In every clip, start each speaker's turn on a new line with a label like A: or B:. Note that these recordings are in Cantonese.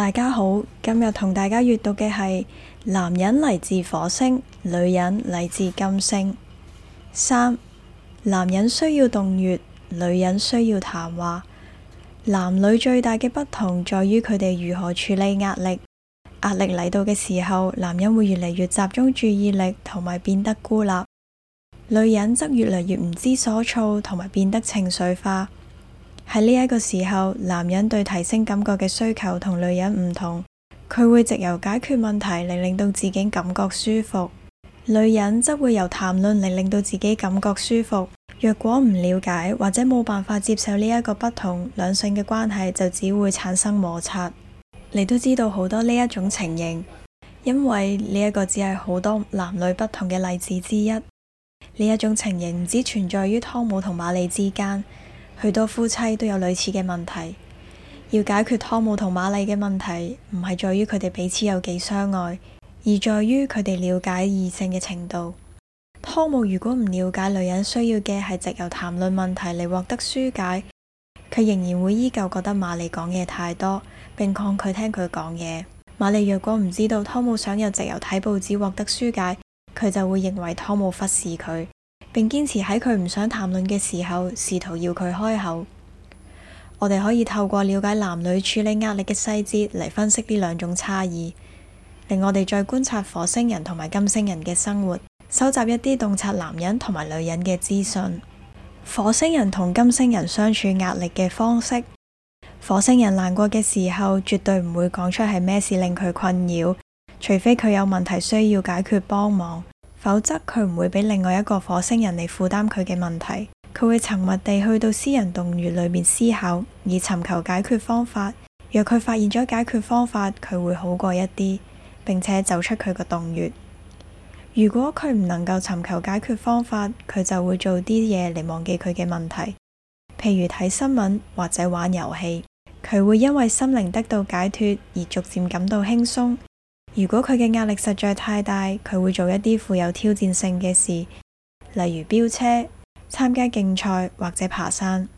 A: 大家好，今日同大家閱讀嘅係男人嚟自火星，女人嚟自金星。三，男人需要洞穴，女人需要談話。男女最大嘅不同在於佢哋如何處理壓力。壓力嚟到嘅時候，男人會越嚟越集中注意力，同埋變得孤立；女人則越嚟越唔知所措，同埋變得情緒化。喺呢一個時候，男人對提升感覺嘅需求同女人唔同，佢會藉由解決問題嚟令到自己感覺舒服；女人則會由談論嚟令到自己感覺舒服。若果唔了解或者冇辦法接受呢一個不同兩性嘅關係，就只會產生摩擦。你都知道好多呢一種情形，因為呢一個只係好多男女不同嘅例子之一。呢一種情形唔止存在於湯姆同瑪麗之間。許多夫妻都有類似嘅問題。要解決湯姆同瑪麗嘅問題，唔係在於佢哋彼此有幾相愛，而在於佢哋了解異性嘅程度。湯姆如果唔了解女人需要嘅係藉由談論問題嚟獲得疏解，佢仍然會依舊覺得瑪麗講嘢太多，並抗拒她聽佢講嘢。瑪麗若果唔知道湯姆想有由藉由睇報紙獲得疏解，佢就會認為湯姆忽視佢。並堅持喺佢唔想談論嘅時候，試圖要佢開口。我哋可以透過了解男女處理壓力嘅細節嚟分析呢兩種差異，令我哋再觀察火星人同埋金星人嘅生活，收集一啲洞察男人同埋女人嘅資訊。火星人同金星人處理壓力嘅方式。火星人難過嘅時候絕對唔會講出係咩事令佢困擾，除非佢有問題需要解決幫忙。否則佢唔會俾另外一個火星人嚟負擔佢嘅問題，佢會沉默地去到私人洞穴裏面思考，以尋求解決方法。若佢發現咗解決方法，佢會好過一啲，並且走出佢個洞穴。如果佢唔能夠尋求解決方法，佢就會做啲嘢嚟忘記佢嘅問題，譬如睇新聞或者玩遊戲。佢會因為心靈得到解脫而逐漸感到輕鬆。如果佢嘅壓力實在太大，佢會做一啲富有挑戰性嘅事，例如飆車、參加競賽或者爬山。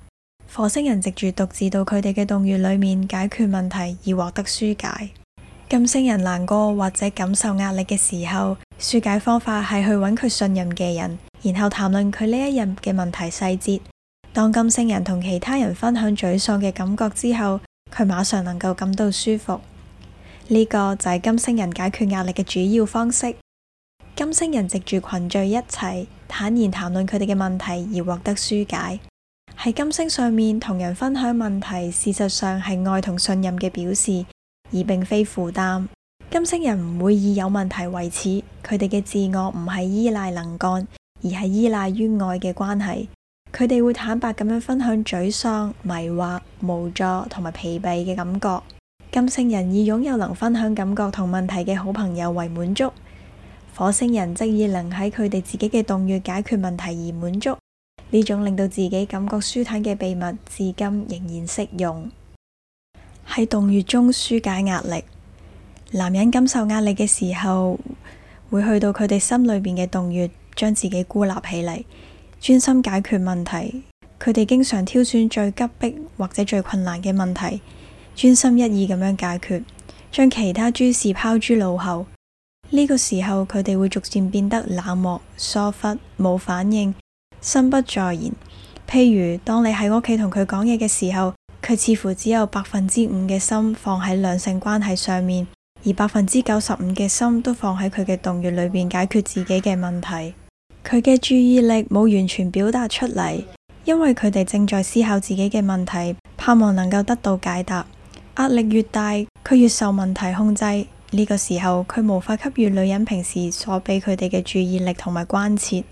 A: 火星人藉住獨自到佢哋嘅洞穴裏面解決問題以獲得舒解。金星人難過或者感受壓力嘅時候，舒解方法係去揾佢信任嘅人，然後談論佢呢一日嘅問題細節。當金星人同其他人分享沮喪嘅感覺之後，佢馬上能夠感到舒服。呢個就係金星人解決壓力嘅主要方式。金星人藉住群聚一齊，坦然談論佢哋嘅問題而獲得紓解。喺金星上面同人分享問題，事實上係愛同信任嘅表示，而並非負擔。金星人唔會以有問題為恥，佢哋嘅自我唔係依賴能幹，而係依賴於愛嘅關係。佢哋會坦白咁樣分享沮喪、迷惑、無助同埋疲憊嘅感覺。金星人以擁有能分享感覺同問題嘅好朋友為滿足，火星人則以能喺佢哋自己嘅洞穴解決問題而滿足。呢種令到自己感覺舒坦嘅秘密，至今仍然適用。喺洞穴中紓解壓力。男人感受壓力嘅時候，會去到佢哋心裏邊嘅洞穴，將自己孤立起嚟，專心解決問題。佢哋經常挑選最急迫或者最困難嘅問題。專心一意咁樣解決，將其他諸事拋諸腦後。呢、這個時候佢哋會逐漸變得冷漠、疏忽、冇反應、心不在焉。譬如當你喺屋企同佢講嘢嘅時候，佢似乎只有百分之五嘅心放喺兩性關係上面，而百分之九十五嘅心都放喺佢嘅洞穴裏邊解決自己嘅問題。佢嘅注意力冇完全表達出嚟，因為佢哋正在思考自己嘅問題，盼望能夠得到解答。壓力越大，佢越受問題控制。呢、這個時候，佢無法給予女人平時所畀佢哋嘅注意力同埋關切。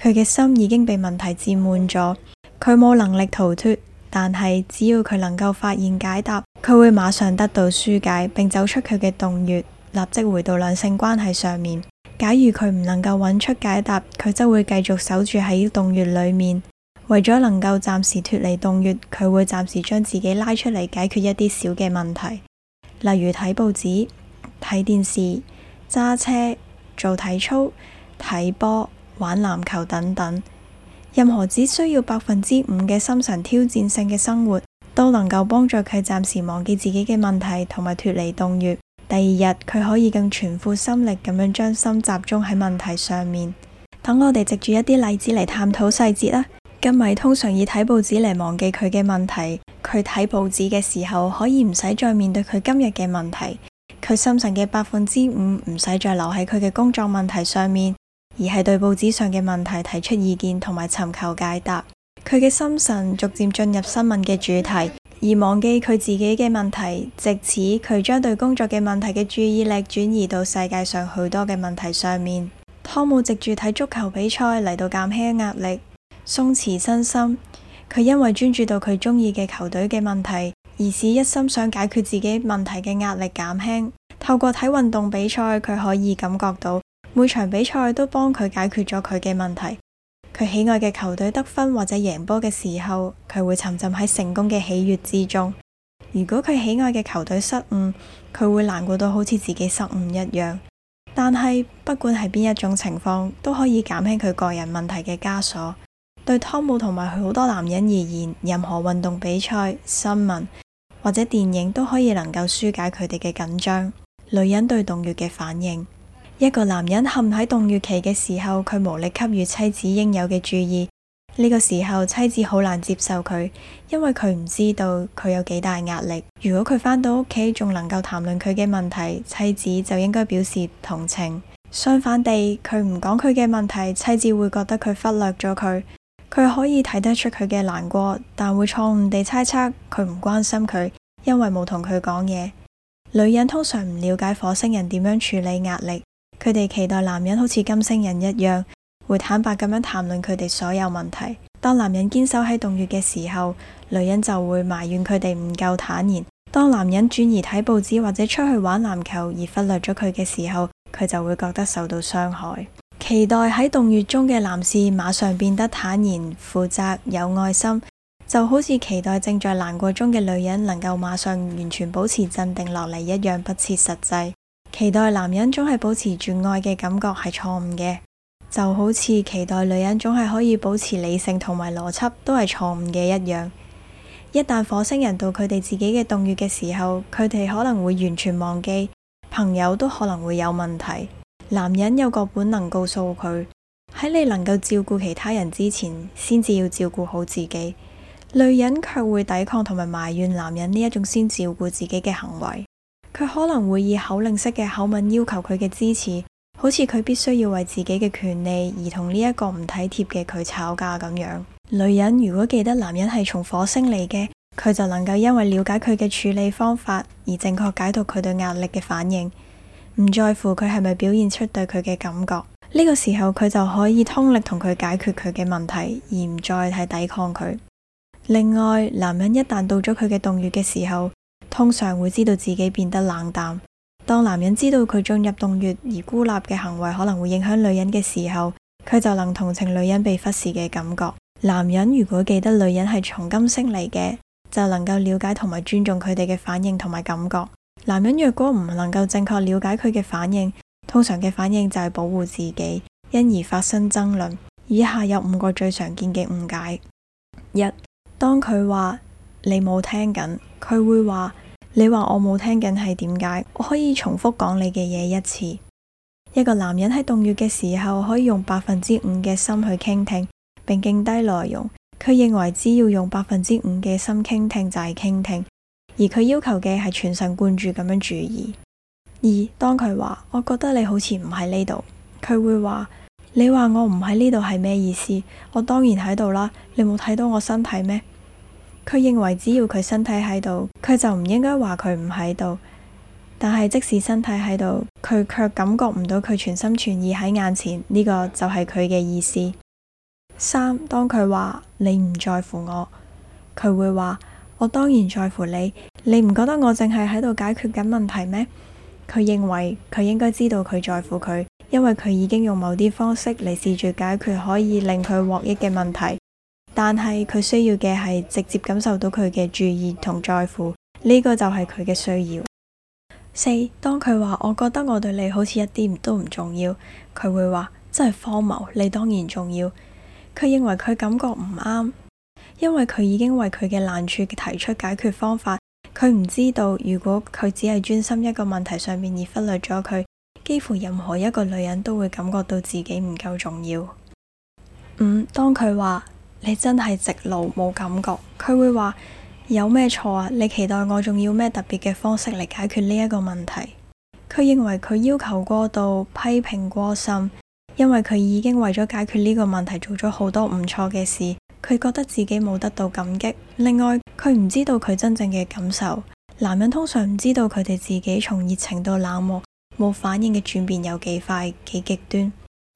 A: 佢嘅心已經被問題佔滿咗，佢冇能力逃脫。但係只要佢能夠發現解答，佢會馬上得到紓解，並走出佢嘅洞穴，立即回到兩性關係上面。假如佢唔能夠揾出解答，佢則會繼續守住喺洞穴裏面。為咗能夠暫時脫離洞穴，佢會暫時將自己拉出嚟解決一啲小嘅問題，例如睇報紙、睇電視、揸車、做體操、睇波、玩籃球等等。任何只需要百分之五嘅心神挑戰性嘅生活，都能夠幫助佢暫時忘記自己嘅問題同埋脫離洞穴。第二日，佢可以更全副心力咁樣將心集中喺問題上面。等我哋藉住一啲例子嚟探討細節啦。今咪通常以睇報紙嚟忘記佢嘅問題。佢睇報紙嘅時候，可以唔使再面對佢今日嘅問題。佢心神嘅百分之五唔使再留喺佢嘅工作問題上面，而係對報紙上嘅問題提出意見同埋尋求解答。佢嘅心神逐漸進入新聞嘅主題，而忘記佢自己嘅問題，直至佢將對工作嘅問題嘅注意力轉移到世界上許多嘅問題上面。湯姆藉住睇足球比賽嚟到減輕壓力。鬆弛身心，佢因為專注到佢中意嘅球隊嘅問題，而使一心想解決自己問題嘅壓力減輕。透過睇運動比賽，佢可以感覺到每場比賽都幫佢解決咗佢嘅問題。佢喜愛嘅球隊得分或者贏波嘅時候，佢會沉浸喺成功嘅喜悦之中。如果佢喜愛嘅球隊失誤，佢會難過到好似自己失誤一樣。但係不管係邊一種情況，都可以減輕佢個人問題嘅枷鎖。對湯姆同埋好多男人而言，任何運動比賽、新聞或者電影都可以能夠舒解佢哋嘅緊張。女人對洞穴嘅反應，一個男人陷喺洞穴期嘅時候，佢無力給予妻子應有嘅注意。呢個時候，妻子好難接受佢，因為佢唔知道佢有幾大壓力。如果佢返到屋企仲能夠談論佢嘅問題，妻子就應該表示同情。相反地，佢唔講佢嘅問題，妻子會覺得佢忽略咗佢。佢可以睇得出佢嘅難過，但會錯誤地猜測佢唔關心佢，因為冇同佢講嘢。女人通常唔了解火星人點樣處理壓力，佢哋期待男人好似金星人一樣，會坦白咁樣談論佢哋所有問題。當男人堅守喺洞穴嘅時候，女人就會埋怨佢哋唔夠坦然。當男人轉移睇報紙或者出去玩籃球而忽略咗佢嘅時候，佢就會覺得受到傷害。期待喺洞穴中嘅男士馬上變得坦然、負責、有愛心，就好似期待正在難過中嘅女人能夠馬上完全保持鎮定落嚟一樣，不切實際。期待男人總係保持住愛嘅感覺係錯誤嘅，就好似期待女人總係可以保持理性同埋邏輯都係錯誤嘅一樣。一旦火星人到佢哋自己嘅洞穴嘅時候，佢哋可能會完全忘記，朋友都可能會有問題。男人有個本能告訴佢，喺你能夠照顧其他人之前，先至要照顧好自己。女人卻會抵抗同埋埋怨男人呢一種先照顧自己嘅行為。佢可能會以口令式嘅口吻要求佢嘅支持，好似佢必須要為自己嘅權利而同呢一個唔體貼嘅佢吵架咁樣。女人如果記得男人係從火星嚟嘅，佢就能夠因為了解佢嘅處理方法而正確解讀佢對壓力嘅反應。唔在乎佢係咪表現出對佢嘅感覺呢，這個時候佢就可以通力同佢解決佢嘅問題，而唔再係抵抗佢。另外，男人一旦到咗佢嘅洞穴嘅時候，通常會知道自己變得冷淡。當男人知道佢進入洞穴而孤立嘅行為可能會影響女人嘅時候，佢就能同情女人被忽視嘅感覺。男人如果記得女人係從金星嚟嘅，就能夠了解同埋尊重佢哋嘅反應同埋感覺。男人若果唔能夠正確了解佢嘅反應，通常嘅反應就係保護自己，因而發生爭論。以下有五個最常見嘅誤解：一、當佢話你冇聽緊，佢會話你話我冇聽緊係點解？我可以重複講你嘅嘢一次。一個男人喺洞穴嘅時候，可以用百分之五嘅心去傾聽，並記低內容。佢認為只要用百分之五嘅心傾聽就係傾聽。而佢要求嘅係全神貫注咁樣注意。二，當佢話我覺得你好似唔喺呢度，佢會話你話我唔喺呢度係咩意思？我當然喺度啦，你冇睇到我身體咩？佢認為只要佢身體喺度，佢就唔應該話佢唔喺度。但係即使身體喺度，佢卻感覺唔到佢全心全意喺眼前。呢個就係佢嘅意思。三，當佢話你唔在乎我，佢會話我當然在乎你。你唔覺得我淨係喺度解決緊問題咩？佢認為佢應該知道佢在乎佢，因為佢已經用某啲方式嚟試住解決可以令佢獲益嘅問題。但係佢需要嘅係直接感受到佢嘅注意同在乎，呢個就係佢嘅需要。四，當佢話我覺得我對你好似一啲都唔重要，佢會話，真係荒謬，你當然重要。佢認為佢感覺唔啱，因為佢已經為佢嘅難處提出解決方法。佢唔知道，如果佢只係專心一個問題上面而忽略咗佢，幾乎任何一個女人都會感覺到自己唔夠重要。五、嗯、當佢話你真係直路冇感覺，佢會話有咩錯啊？你期待我仲要咩特別嘅方式嚟解決呢一個問題？佢認為佢要求過度，批評過甚，因為佢已經為咗解決呢個問題做咗好多唔錯嘅事。佢覺得自己冇得到感激。另外，佢唔知道佢真正嘅感受。男人通常唔知道佢哋自己從熱情到冷漠冇反應嘅轉變有幾快、幾極端。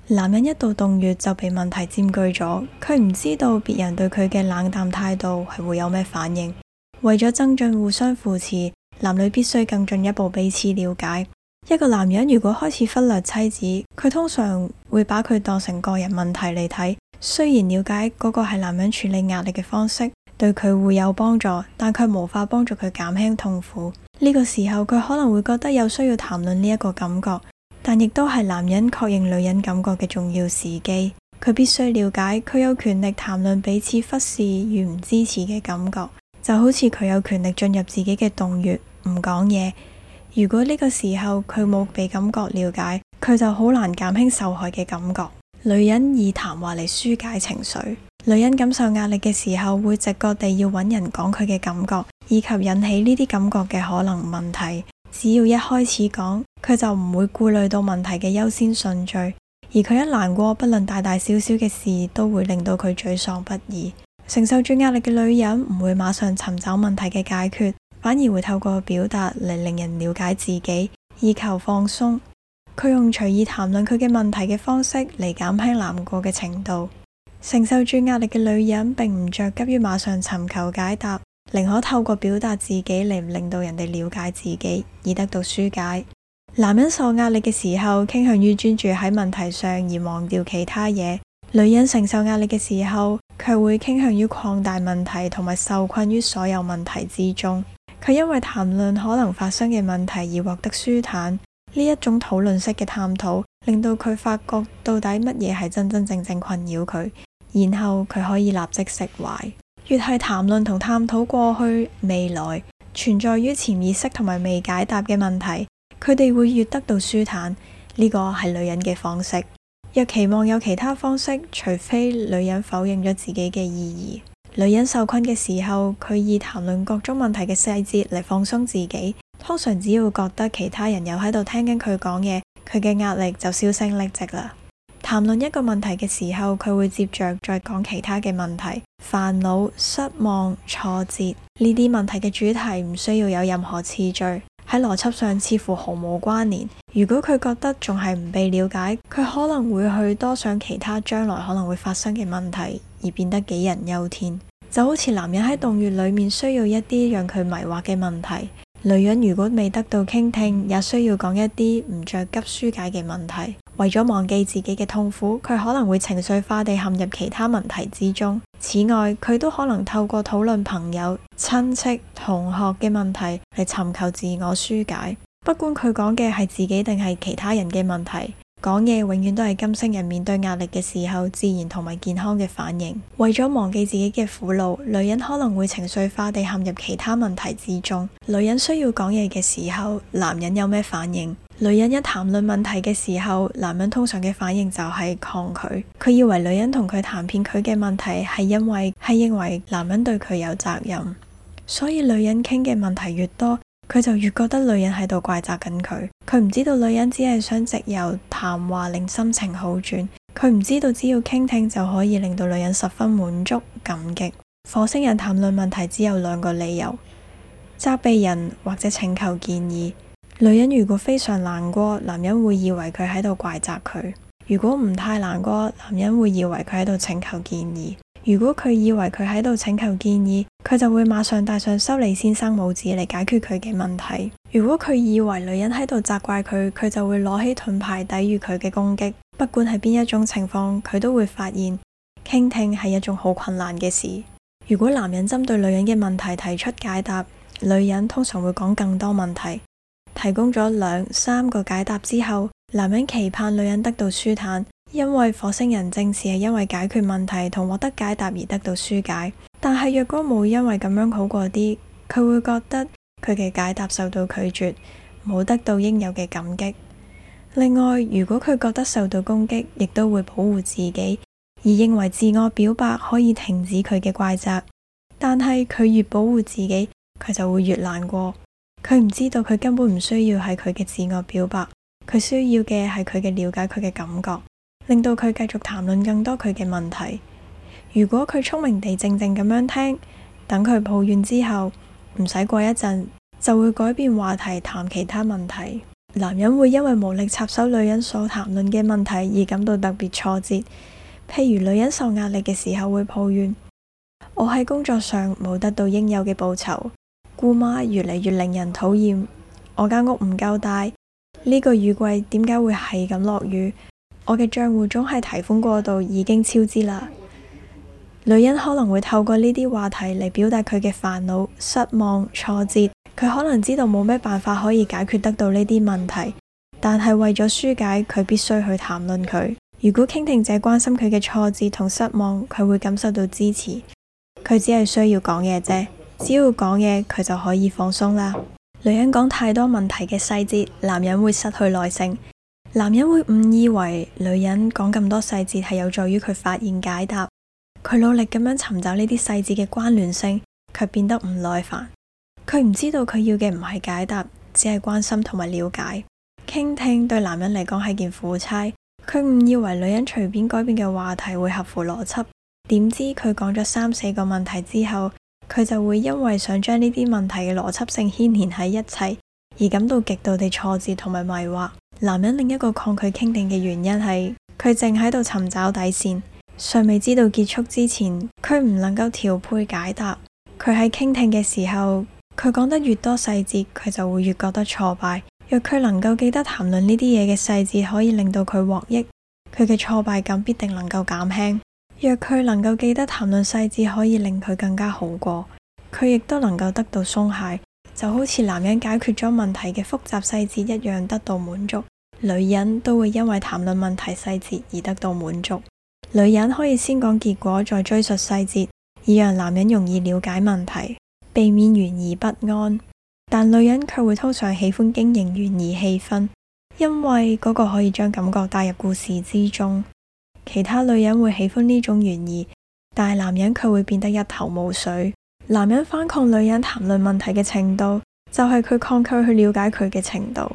A: 男人一到洞穴就被問題佔據咗。佢唔知道別人對佢嘅冷淡態度係會有咩反應。為咗增進互相扶持，男女必須更進一步彼此了解。一個男人如果開始忽略妻子，佢通常會把佢當成個人問題嚟睇。雖然了解嗰個係男人處理壓力嘅方式，對佢會有幫助，但佢無法幫助佢減輕痛苦。呢個時候佢可能會覺得有需要談論呢一個感覺，但亦都係男人確認女人感覺嘅重要時機。佢必須了解佢有權力談論彼此忽視與唔支持嘅感覺，就好似佢有權力進入自己嘅洞穴唔講嘢。如果呢個時候佢冇被感覺了解，佢就好難減輕受害嘅感覺。女人以談話嚟紓解情緒。女人感受壓力嘅時候，會直覺地要揾人講佢嘅感覺，以及引起呢啲感覺嘅可能問題。只要一開始講，佢就唔會顧慮到問題嘅優先順序。而佢一難過，不論大大小小嘅事，都會令到佢沮喪不已。承受住壓力嘅女人唔會馬上尋找問題嘅解決，反而會透過表達嚟令人了解自己，以求放鬆。佢用隨意談論佢嘅問題嘅方式嚟減輕難過嘅程度。承受住壓力嘅女人並唔着急於馬上尋求解答，寧可透過表達自己嚟唔令到人哋了解自己，而得到紓解。男人受壓力嘅時候，傾向於專注喺問題上而忘掉其他嘢；女人承受壓力嘅時候，佢會傾向於擴大問題同埋受困於所有問題之中。佢因為談論可能發生嘅問題而獲得舒坦。呢一種討論式嘅探討，令到佢發覺到底乜嘢係真真正正困擾佢，然後佢可以立即釋懷。越係談論同探討過去、未來存在於潛意識同埋未解答嘅問題，佢哋會越得到舒坦。呢個係女人嘅方式。若期望有其他方式，除非女人否認咗自己嘅意義。女人受困嘅時候，佢以談論各種問題嘅細節嚟放鬆自己。通常只要覺得其他人又喺度聽緊佢講嘢，佢嘅壓力就銷聲匿跡啦。談論一個問題嘅時候，佢會接着再講其他嘅問題、煩惱、失望、挫折。呢啲問題嘅主題唔需要有任何次序，喺邏輯上似乎毫無關聯。如果佢覺得仲係唔被了解，佢可能會去多想其他將來可能會發生嘅問題。而變得杞人憂天，就好似男人喺洞穴裏面需要一啲讓佢迷惑嘅問題；女人如果未得到傾聽，也需要講一啲唔着急紓解嘅問題。為咗忘記自己嘅痛苦，佢可能會情緒化地陷入其他問題之中。此外，佢都可能透過討論朋友、親戚、同學嘅問題嚟尋求自我紓解，不管佢講嘅係自己定係其他人嘅問題。講嘢永遠都係金星人面對壓力嘅時候自然同埋健康嘅反應。為咗忘記自己嘅苦惱，女人可能會情緒化地陷入其他問題之中。女人需要講嘢嘅時候，男人有咩反應？女人一談論問題嘅時候，男人通常嘅反應就係抗拒。佢以為女人同佢談遍佢嘅問題係因為係認為男人對佢有責任，所以女人傾嘅問題越多。佢就越覺得女人喺度怪責緊佢，佢唔知道女人只係想藉由談話令心情好轉，佢唔知道只要傾聽就可以令到女人十分滿足感激。火星人談論問題只有兩個理由：責備人或者請求建議。女人如果非常難過，男人會以為佢喺度怪責佢；如果唔太難過，男人會以為佢喺度請求建議。如果佢以為佢喺度請求建議，佢就會馬上戴上修理先生帽子嚟解決佢嘅問題。如果佢以為女人喺度責怪佢，佢就會攞起盾牌抵御佢嘅攻擊。不管係邊一種情況，佢都會發現傾聽係一種好困難嘅事。如果男人針對女人嘅問題提出解答，女人通常會講更多問題。提供咗兩三個解答之後，男人期盼女人得到舒坦。因為火星人正是係因為解決問題同獲得解答而得到紓解，但係若果冇因為咁樣好過啲，佢會覺得佢嘅解答受到拒絕，冇得到應有嘅感激。另外，如果佢覺得受到攻擊，亦都會保護自己，而認為自我表白可以停止佢嘅怪責。但係佢越保護自己，佢就會越難過。佢唔知道佢根本唔需要係佢嘅自我表白，佢需要嘅係佢嘅了解佢嘅感覺。令到佢繼續談論更多佢嘅問題。如果佢聰明地靜靜咁樣聽，等佢抱怨之後，唔使過一陣就會改變話題，談其他問題。男人會因為無力插手女人所談論嘅問題而感到特別挫折。譬如女人受壓力嘅時候會抱怨：我喺工作上冇得到應有嘅報酬，姑媽越嚟越令人討厭，我間屋唔夠大，呢個雨季點解會係咁落雨？我嘅賬戶總係提款過度，已經超支啦。女人可能會透過呢啲話題嚟表達佢嘅煩惱、失望、挫折。佢可能知道冇咩辦法可以解決得到呢啲問題，但係為咗紓解，佢必須去談論佢。如果傾聽者關心佢嘅挫折同失望，佢會感受到支持。佢只係需要講嘢啫，只要講嘢，佢就可以放鬆啦。女人講太多問題嘅細節，男人會失去耐性。男人會誤以為女人講咁多細節係有助於佢發現解答，佢努力咁樣尋找呢啲細節嘅關聯性，卻變得唔耐煩。佢唔知道佢要嘅唔係解答，只係關心同埋了解。傾聽，對男人嚟講係件苦差。佢誤以為女人隨便改變嘅話題會合乎邏輯，點知佢講咗三四個問題之後，佢就會因為想將呢啲問題嘅邏輯性牽連喺一齊而感到極度地挫折同埋迷惑。男人另一個抗拒傾聽嘅原因係，佢正喺度尋找底線，尚未知道結束之前，佢唔能夠調配解答。佢喺傾聽嘅時候，佢講得越多細節，佢就會越覺得挫敗。若佢能夠記得談論呢啲嘢嘅細節，可以令到佢獲益，佢嘅挫敗感必定能夠減輕。若佢能夠記得談論細節，可以令佢更加好過，佢亦都能夠得到鬆懈，就好似男人解決咗問題嘅複雜細節一樣，得到滿足。女人都會因為談論問題細節而得到滿足。女人可以先講結果，再追述細節，以讓男人容易了解問題，避免懸疑不安。但女人卻會通常喜歡經營懸疑氣氛，因為嗰個可以將感覺帶入故事之中。其他女人會喜歡呢種懸疑，但男人卻會變得一頭霧水。男人反抗女人談論問題嘅程度，就係佢抗拒去了解佢嘅程度。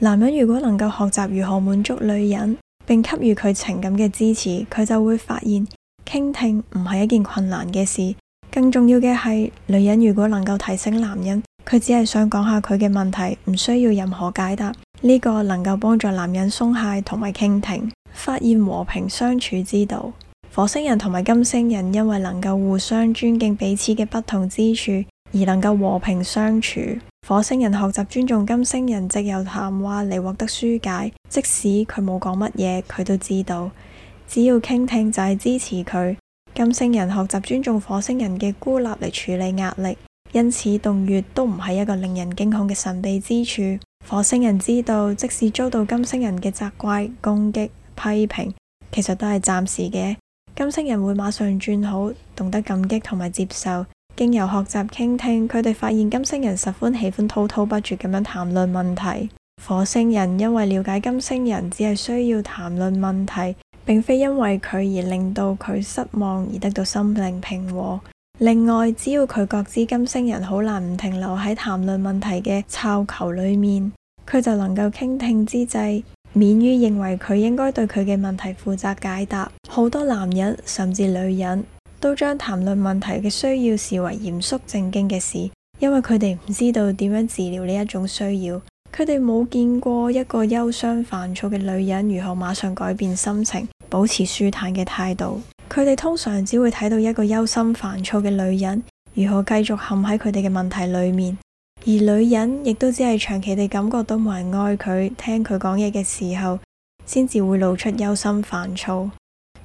A: 男人如果能夠學習如何滿足女人，並給予佢情感嘅支持，佢就會發現傾聽唔係一件困難嘅事。更重要嘅係，女人如果能夠提醒男人，佢只係想講下佢嘅問題，唔需要任何解答。呢個能夠幫助男人鬆懈同埋傾聽，發現和平相處之道。火星人同埋金星人因為能夠互相尊敬彼此嘅不同之處，而能夠和平相處。火星人學習尊重金星人藉由談話嚟獲得疏解，即使佢冇講乜嘢，佢都知道。只要傾聽就係支持佢。金星人學習尊重火星人嘅孤立嚟處理壓力，因此洞穴都唔係一個令人驚恐嘅神秘之處。火星人知道，即使遭到金星人嘅責怪、攻擊、批評，其實都係暫時嘅。金星人會馬上轉好，懂得感激同埋接受。經由學習傾聽，佢哋發現金星人十分喜歡滔滔不絕咁樣談論問題。火星人因為了解金星人只係需要談論問題，並非因為佢而令到佢失望而得到心靈平和。另外，只要佢覺知金星人好難唔停留喺談論問題嘅球球裏面，佢就能夠傾聽之際，免於認為佢應該對佢嘅問題負責解答。好多男人，甚至女人。都將談論問題嘅需要視為嚴肅正經嘅事，因為佢哋唔知道點樣治療呢一種需要。佢哋冇見過一個憂傷煩躁嘅女人如何馬上改變心情，保持舒坦嘅態度。佢哋通常只會睇到一個憂心煩躁嘅女人如何繼續陷喺佢哋嘅問題裏面，而女人亦都只係長期地感覺到冇人愛佢，聽佢講嘢嘅時候，先至會露出憂心煩躁。.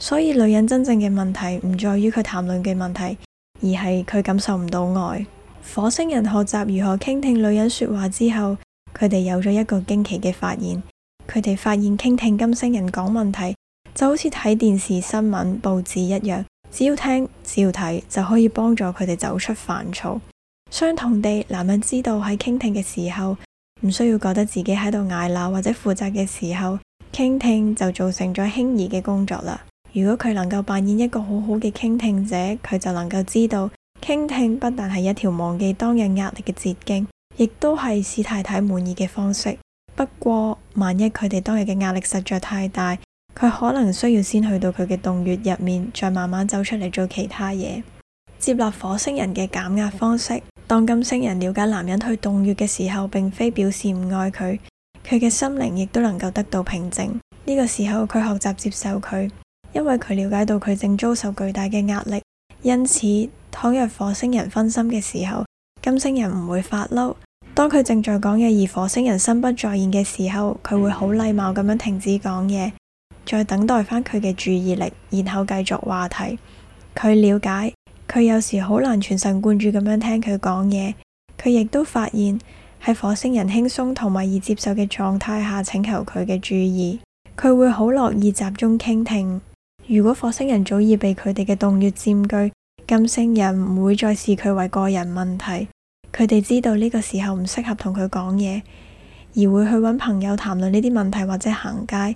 A: 所以女人真正嘅問題唔在於佢談論嘅問題，而係佢感受唔到愛。火星人學習如何傾聽女人說話之後，佢哋有咗一個驚奇嘅發現：佢哋發現傾聽金星人講問題，就好似睇電視新聞報紙一樣，只要聽，只要睇，就可以幫助佢哋走出煩躁。相同地，男人知道喺傾聽嘅時候，唔需要覺得自己喺度嗌鬧或者負責嘅時候，傾聽就做成咗輕易嘅工作啦。如果佢能夠扮演一個好好嘅傾聽者，佢就能夠知道傾聽不但係一條忘記當日壓力嘅捷徑，亦都係使太太滿意嘅方式。不過，萬一佢哋當日嘅壓力實在太大，佢可能需要先去到佢嘅洞穴入面，再慢慢走出嚟做其他嘢。接納火星人嘅減壓方式，當金星人了解男人去洞穴嘅時候，並非表示唔愛佢，佢嘅心靈亦都能夠得到平靜。呢個時候，佢學習接受佢。因為佢了解到佢正遭受巨大嘅壓力，因此倘若火星人分心嘅時候，金星人唔會發嬲。當佢正在講嘢而火星人心不在焉嘅時候，佢會好禮貌咁樣停止講嘢，再等待返佢嘅注意力，然後繼續話題。佢了解佢有時好難全神貫注咁樣聽佢講嘢，佢亦都發現喺火星人輕鬆同埋易接受嘅狀態下請求佢嘅注意，佢會好樂意集中傾聽。如果火星人早已被佢哋嘅洞穴佔據，金星人唔會再視佢為個人問題。佢哋知道呢個時候唔適合同佢講嘢，而會去搵朋友談論呢啲問題或者行街。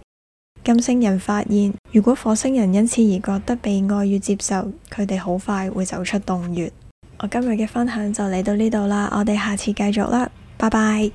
A: 金星人發現，如果火星人因此而覺得被愛與接受，佢哋好快會走出洞穴。我今日嘅分享就嚟到呢度啦，我哋下次繼續啦，拜拜。